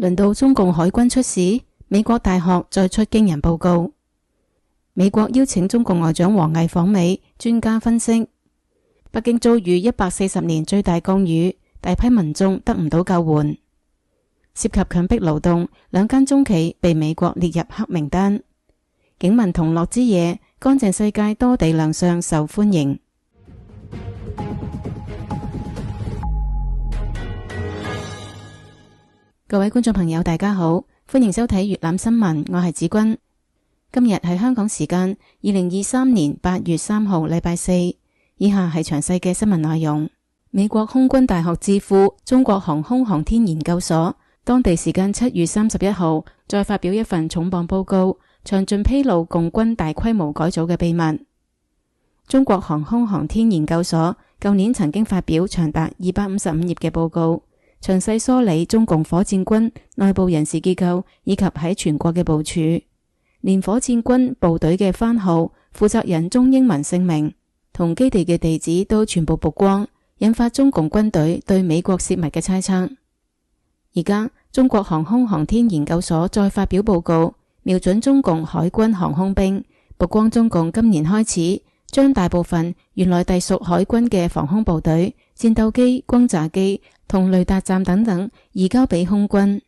輪到中共海軍出事，美國大學再出驚人報告。美國邀請中共外長王毅訪美，專家分析。北京遭遇一百四十年最大降雨，大批民眾得唔到救援，涉及強迫勞動，兩間中企被美國列入黑名單。警民同樂之夜，乾淨世界多地亮相，受歡迎。各位觀眾朋友，大家好，歡迎收睇《粵覽新聞》，我係紫君。今日係香港時間二零二三年八月三號，禮拜四。以下係詳細嘅新聞內容：美國空軍大學智庫中國航空航天研究所，當地時間七月三十一號再發表一份重磅報告，詳盡披露共軍大規模改組嘅秘密。中國航空航天研究所舊年曾經發表長達二百五十五頁嘅報告。詳細梳理中共火箭軍內部人事結構以及喺全國嘅部署，連火箭軍部隊嘅番號、負責人中英文姓名同基地嘅地址都全部曝光，引發中共軍隊對美國泄密嘅猜測。而家中國航空航天研究所再發表報告，瞄準中共海軍航空兵，曝光中共今年開始，將大部分原來隸屬海軍嘅防空部隊、戰鬥機、轟炸機同雷達站等等移交畀空軍。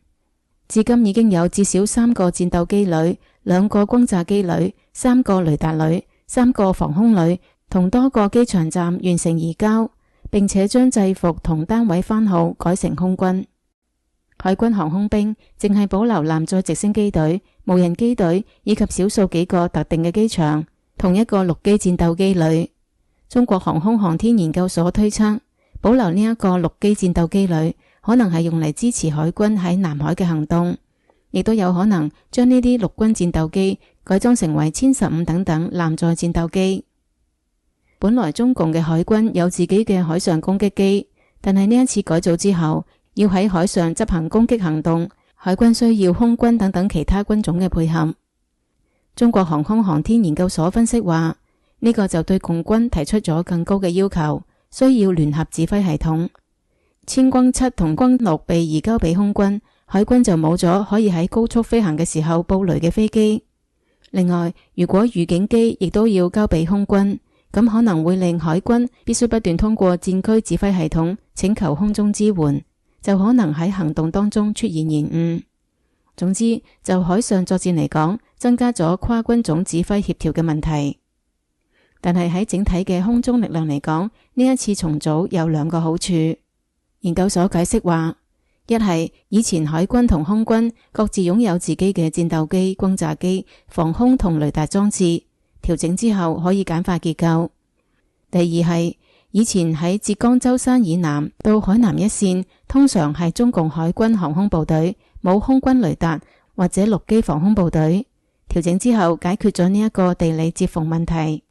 至今已經有至少三個戰鬥機旅、兩個轟炸機旅、三個雷達旅、三個防空旅同多個機場站完成移交，並且將制服同單位番號改成空軍。海軍航空兵淨係保留艦載直升機隊、無人機隊以及少數幾個特定嘅機場。同一個陸基戰鬥機里，中國航空航天研究所推測，保留呢一個陸基戰鬥機里，可能係用嚟支持海軍喺南海嘅行動，亦都有可能將呢啲陸軍戰鬥機改裝成為殲十五等等艦載戰鬥機。本來中共嘅海軍有自己嘅海上攻擊機，但係呢一次改造之後，要喺海上執行攻擊行動，海軍需要空軍等等其他軍種嘅配合。中國航空航天研究所分析話，呢、這個就對共軍提出咗更高嘅要求，需要聯合指揮系統。殲轟七同轟六被移交俾空軍，海軍就冇咗可以喺高速飛行嘅時候布雷嘅飛機。另外，如果預警機亦都要交俾空軍，咁可能會令海軍必須不斷通過戰區指揮系統請求空中支援，就可能喺行動當中出現延誤。總之，就海上作戰嚟講，增加咗跨軍種指揮協調嘅問題。但係喺整體嘅空中力量嚟講，呢一次重組有兩個好處。研究所解釋話，一係以前海軍同空軍各自擁有自己嘅戰鬥機、轟炸機、防空同雷達裝置，調整之後可以簡化結構。第二係以前喺浙江舟山以南到海南一線，通常係中共海軍航空部隊。冇空軍雷達或者陸基防空部隊調整之後，解決咗呢一個地理接縫問題。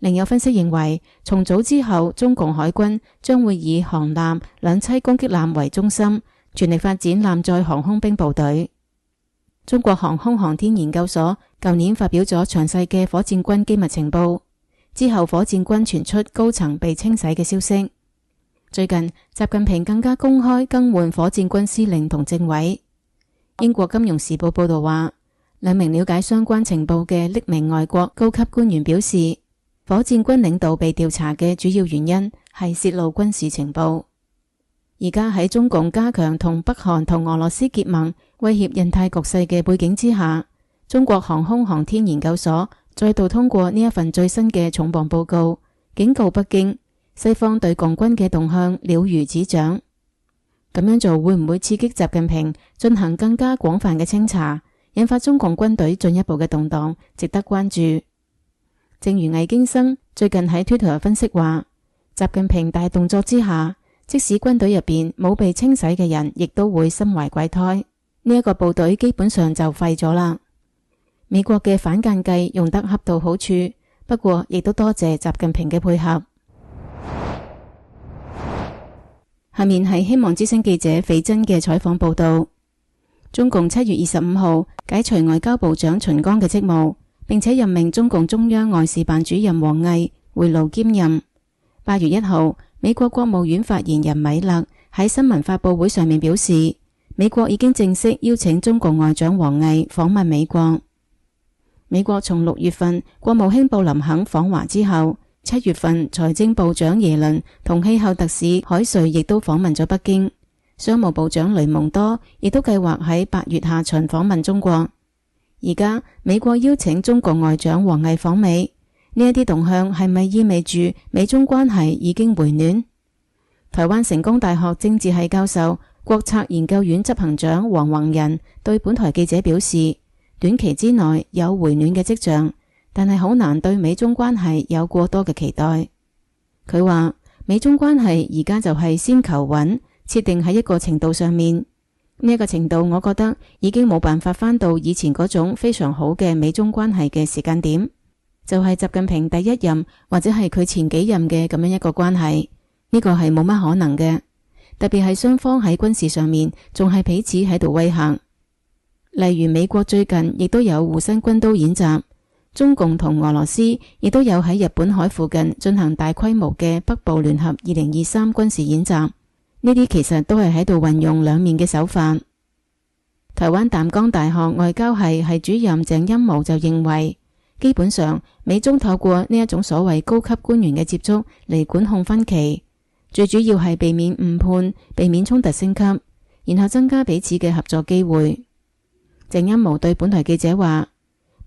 另有分析認為，重組之後，中共海軍將會以航艦兩棲攻擊艦為中心，全力發展艦載航空兵部隊。中國航空航天研究所舊年發表咗詳細嘅火箭軍機密情報，之後火箭軍傳出高層被清洗嘅消息。最近，習近平更加公開更換火箭軍司令同政委。英國金融時報報道話，兩名了解相關情報嘅匿名外國高級官員表示，火箭軍領導被調查嘅主要原因係泄露軍事情報。而家喺中共加強同北韓同俄羅斯結盟，威脅印太局勢嘅背景之下，中國航空航天研究所再度通過呢一份最新嘅重磅報告，警告北京。西方對共軍嘅動向了如指掌，咁樣做會唔會刺激習近平進行更加廣泛嘅清查，引發中共軍隊進一步嘅動盪，值得關注。正如魏京生最近喺 Twitter 分析話，習近平大動作之下，即使軍隊入邊冇被清洗嘅人，亦都會心懷鬼胎。呢一個部隊基本上就廢咗啦。美國嘅反間計用得恰到好處，不過亦都多謝習近平嘅配合。下面係希望之聲記者肥珍嘅採訪報道：中共七月二十五號解除外交部長秦剛嘅職務，並且任命中共中央外事辦主任王毅回爐兼任。八月一號，美國國務院發言人米勒喺新聞發布會上面表示，美國已經正式邀請中共外長王毅訪問美國。美國從六月份國務卿布林肯訪華之後。七月份，財政部長耶倫同氣候特使凱瑞亦都訪問咗北京，商務部長雷蒙多亦都計劃喺八月下旬訪問中國。而家美國邀請中國外長王毅訪美，呢一啲動向係咪意味住美中關係已經回暖？台灣成功大學政治系教授、國策研究院執行長黃宏仁對本台記者表示：短期之內有回暖嘅跡象。但係好難對美中關係有過多嘅期待。佢話美中關係而家就係先求穩，設定喺一個程度上面，呢個程度，我覺得已經冇辦法返到以前嗰種非常好嘅美中關係嘅時間點，就係、是、習近平第一任或者係佢前幾任嘅咁樣一個關係，呢個係冇乜可能嘅。特別係雙方喺軍事上面仲係彼此喺度威嚇，例如美國最近亦都有護身軍刀演習。中共同俄羅斯亦都有喺日本海附近進行大規模嘅北部聯合二零二三軍事演習，呢啲其實都係喺度運用兩面嘅手法。台灣淡江大學外交系系主任鄭欽模就認為，基本上美中透過呢一種所謂高級官員嘅接觸嚟管控分歧，最主要係避免誤判、避免衝突升級，然後增加彼此嘅合作機會。鄭欽模對本台記者話。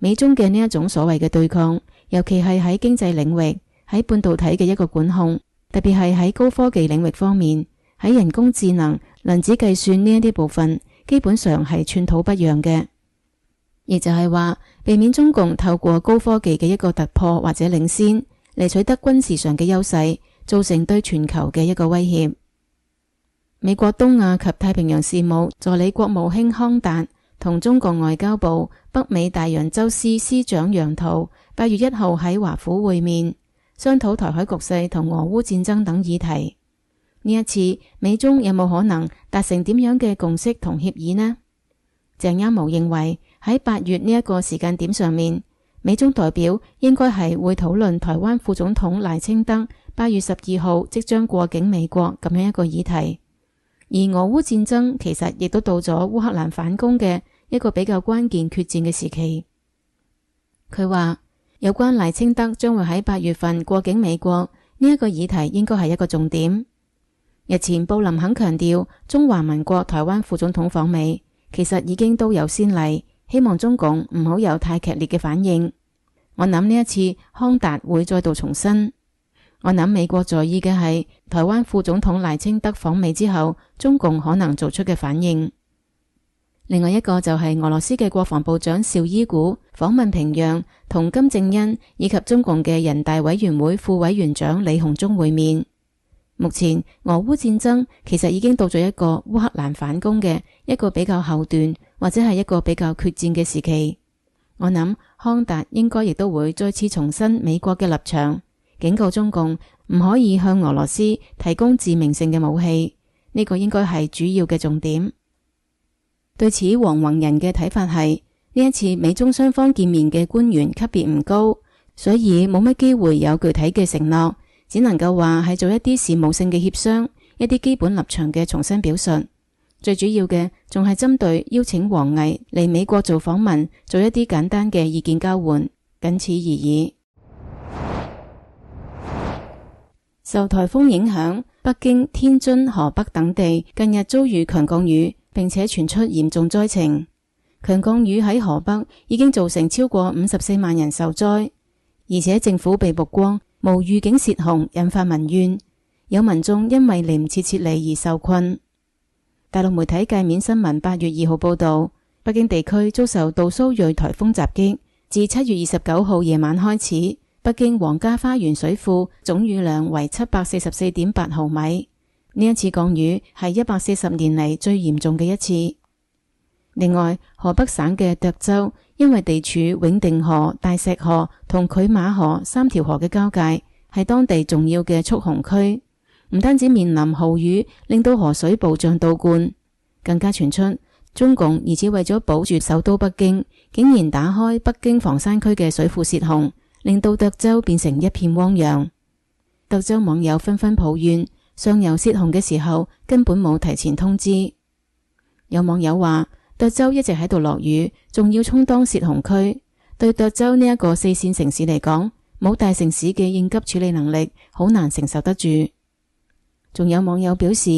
美中嘅呢一種所謂嘅對抗，尤其係喺經濟領域、喺半導體嘅一個管控，特別係喺高科技領域方面，喺人工智能、量子計算呢一啲部分，基本上係寸土不讓嘅。亦就係話避免中共透過高科技嘅一個突破或者領先，嚟取得軍事上嘅優勢，造成對全球嘅一個威脅。美國東亞及太平洋事務助理國務卿康達，同中國外交部北美大洋洲司司長楊濤八月一號喺華府會面，商討台海局勢同俄烏戰爭等議題。呢一次美中有冇可能達成點樣嘅共識同協議呢？鄭欽模認為喺八月呢一個時間點上面，美中代表應該係會討論台灣副總統賴清德八月十二號即將過境美國咁樣一個議題，而俄烏戰爭其實亦都到咗烏克蘭反攻嘅。一個比較關鍵決戰嘅時期，佢話有關賴清德將會喺八月份過境美國呢一個議題，應該係一個重點。日前布林肯強調中華民國台灣副總統訪美，其實已經都有先例，希望中共唔好有太劇烈嘅反應。我諗呢一次康達會再度重申，我諗美國在意嘅係台灣副總統賴清德訪美之後，中共可能做出嘅反應。另外一個就係俄羅斯嘅國防部長紹伊古訪問平壤，同金正恩以及中共嘅人大委員會副委員長李鴻忠會面。目前俄烏戰爭其實已經到咗一個烏克蘭反攻嘅一個比較後段，或者係一個比較決戰嘅時期。我諗康達應該亦都會再次重申美國嘅立場，警告中共唔可以向俄羅斯提供致命性嘅武器，呢個應該係主要嘅重點。對此，王宏仁嘅睇法係：呢一次美中雙方見面嘅官員級別唔高，所以冇乜機會有具體嘅承諾，只能夠話係做一啲事務性嘅協商，一啲基本立場嘅重新表述。最主要嘅仲係針對邀請王毅嚟美國做訪問，做一啲簡單嘅意見交換，僅此而已。受台風影響，北京、天津、河北等地近日遭遇強降雨。並且傳出嚴重災情，強降雨喺河北已經造成超過五十四萬人受災，而且政府被曝光無預警泄洪，引發民怨。有民眾因為嚟唔切撤離而受困。大陸媒體界面新聞八月二號報道，北京地區遭受杜蘇芮台風襲擊，自七月二十九號夜晚開始，北京皇家花園水庫總雨量為七百四十四點八毫米。呢一次降雨係一百四十年嚟最嚴重嘅一次。另外，河北省嘅涿州因為地處永定河、大石河同拒馬河三條河嘅交界，係當地重要嘅蓄洪區，唔單止面臨豪雨，令到河水暴漲倒灌，更加傳出中共而且為咗保住首都北京，竟然打開北京房山區嘅水庫洩洪，令到涿州變成一片汪洋。涿州網友紛紛抱怨。上游洩洪嘅時候根本冇提前通知，有網友話：德州一直喺度落雨，仲要充當洩洪區，對德州呢一個四線城市嚟講，冇大城市嘅應急處理能力，好難承受得住。仲有網友表示：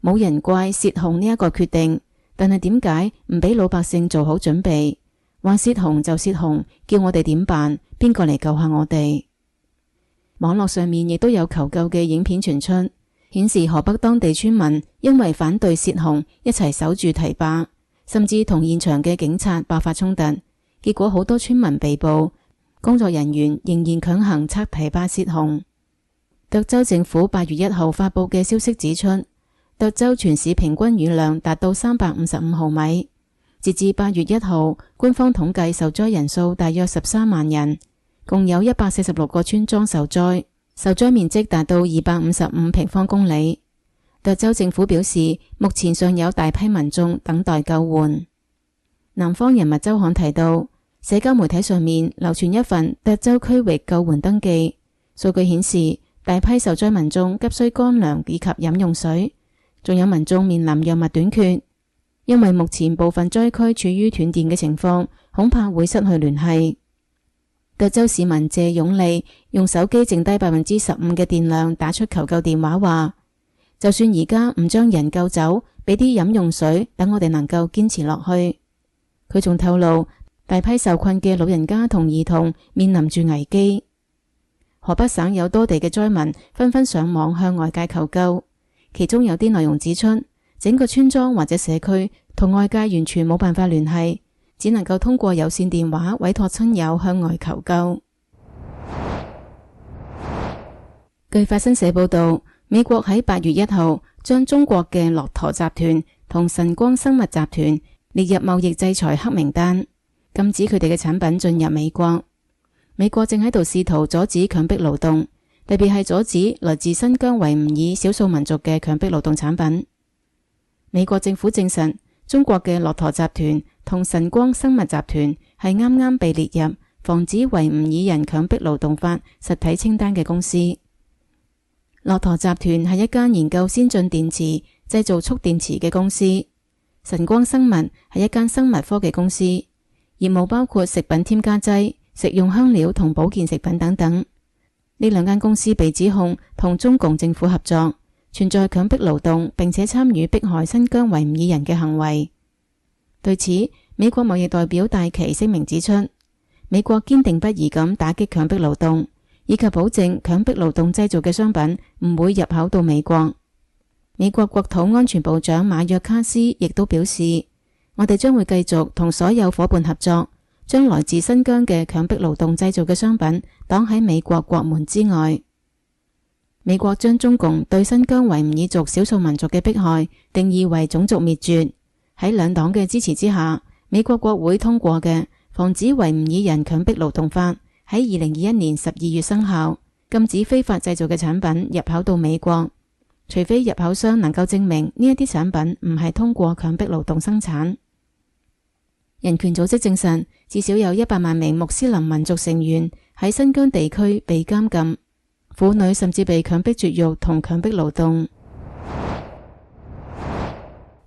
冇人怪洩洪呢一個決定，但係點解唔俾老百姓做好準備？話洩洪就洩洪，叫我哋點辦？邊個嚟救下我哋？網絡上面亦都有求救嘅影片傳出。顯示河北當地村民因為反對泄洪，一齊守住堤壩，甚至同現場嘅警察爆發衝突，結果好多村民被捕。工作人員仍然強行拆堤壩泄洪。德州政府八月一號發布嘅消息指出，德州全市平均雨量達到三百五十五毫米，截至八月一號，官方統計受災人數大約十三萬人，共有一百四十六個村莊受災。受災面積達到二百五十五平方公里，德州政府表示，目前尚有大批民眾等待救援。南方人物周刊提到，社交媒體上面流傳一份德州區域救援登記，數據顯示，大批受災民眾急需乾糧以及飲用水，仲有民眾面臨藥物短缺，因為目前部分災區處於斷電嘅情況，恐怕會失去聯繫。德州市民謝永利用手機剩低百分之十五嘅電量，打出求救電話，話就算而家唔將人救走，俾啲飲用水，等我哋能夠堅持落去。佢仲透露，大批受困嘅老人家同兒童面臨住危機。河北省有多地嘅災民紛紛上網向外界求救，其中有啲內容指出，整個村莊或者社區同外界完全冇辦法聯繫。只能夠通過有綫電話委託親友向外求救。據法新社報道，美國喺八月一號將中國嘅駱駝集團同晨光生物集團列入貿易制裁黑名單，禁止佢哋嘅產品進入美國。美國正喺度試圖阻止強迫勞動，特別係阻止來自新疆維吾爾少數民族嘅強迫勞動產品。美國政府證實，中國嘅駱駝集團。同晨光生物集團係啱啱被列入防止維吾爾人強迫勞動法實體清單嘅公司。駱駝集團係一間研究先進電池、製造蓄電池嘅公司。晨光生物係一間生物科技公司，業務包括食品添加劑、食用香料同保健食品等等。呢兩間公司被指控同中共政府合作，存在強迫勞動，並且參與迫害新疆維吾爾人嘅行為。對此，美國貿易代表戴琪聲明指出，美國堅定不移咁打擊強迫勞動，以及保證強迫勞動製造嘅商品唔會入口到美國。美國國土安全部長馬約卡斯亦都表示，我哋將會繼續同所有夥伴合作，將來自新疆嘅強迫勞動製造嘅商品擋喺美國國門之外。美國將中共對新疆維吾爾族少數民族嘅迫害定義為種族滅絕。喺兩黨嘅支持之下，美國國會通過嘅防止維吾爾人強迫勞動法喺二零二一年十二月生效，禁止非法製造嘅產品入口到美國，除非入口商能夠證明呢一啲產品唔係通過強迫勞動生產。人權組織證實，至少有一百萬名穆斯林民族成員喺新疆地區被監禁，婦女甚至被強迫絕育同強迫勞動。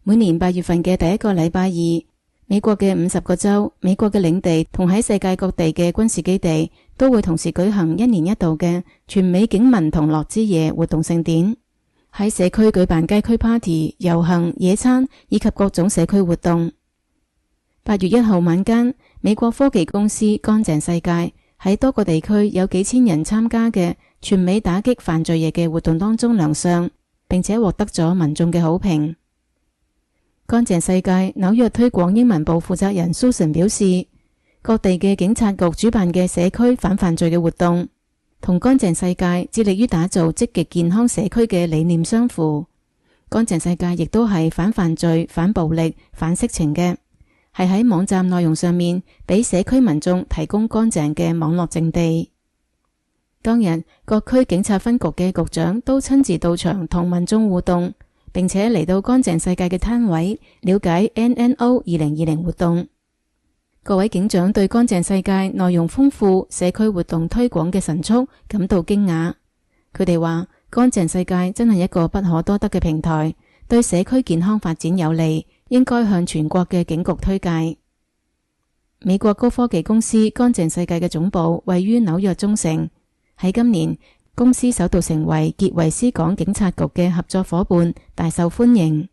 每年八月份嘅第一個禮拜二，美國嘅五十個州，美國嘅領地同喺世界各地嘅軍事基地都會同時舉行一年一度嘅全美警民同樂之夜活動盛典。喺社區舉辦街區 party、遊行、野餐以及各種社區活動。八月一號晚間，美國科技公司乾淨世界喺多個地區有幾千人參加嘅全美打擊犯罪夜嘅活動當中亮相，並且獲得咗民眾嘅好評。乾淨世界紐約推廣英文部負責人蘇晨表示，各地嘅警察局主辦嘅社區反犯罪嘅活動，同乾淨世界致力於打造積極健康社區嘅理念相符。乾淨世界亦都係反犯罪、反暴力、反色情嘅，係喺網站內容上面俾社區民眾提供乾淨嘅網絡陣地。當日各區警察分局嘅局長都親自到場同民眾互動。並且嚟到乾淨世界嘅攤位了解 NNO 二零二零活動，各位警長對乾淨世界內容豐富、社區活動推廣嘅神速感到驚訝。佢哋話乾淨世界真係一個不可多得嘅平台，對社區健康發展有利，應該向全國嘅警局推介。美國高科技公司乾淨世界嘅總部位於紐約中城，喺今年，公司首度成為傑維斯港警察局嘅合作夥伴，大受歡迎。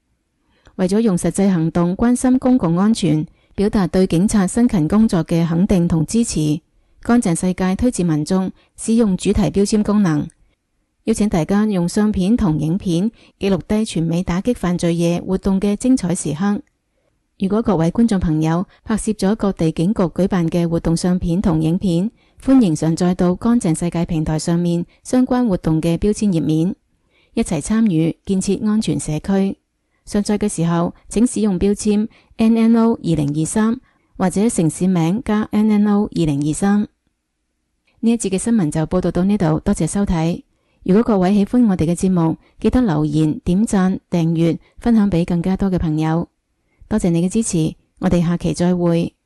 為咗用實際行動關心公共安全，表達對警察辛勤工作嘅肯定同支持，乾淨世界推薦民眾使用主題標籤功能，邀請大家用相片同影片記錄低全美打擊犯罪夜活動嘅精彩時刻。如果各位觀眾朋友拍攝咗各地警局舉辦嘅活動相片同影片，歡迎上載到乾淨世界平台上面相關活動嘅標籤頁面，一齊參與建設安全社區。上載嘅時候，請使用標籤 NNO 二零二三或者城市名加 NNO 二零二三。呢一節嘅新聞就報道到呢度，多謝收睇。如果各位喜歡我哋嘅節目，記得留言、點讚、訂閱、分享俾更加多嘅朋友。多謝你嘅支持，我哋下期再會。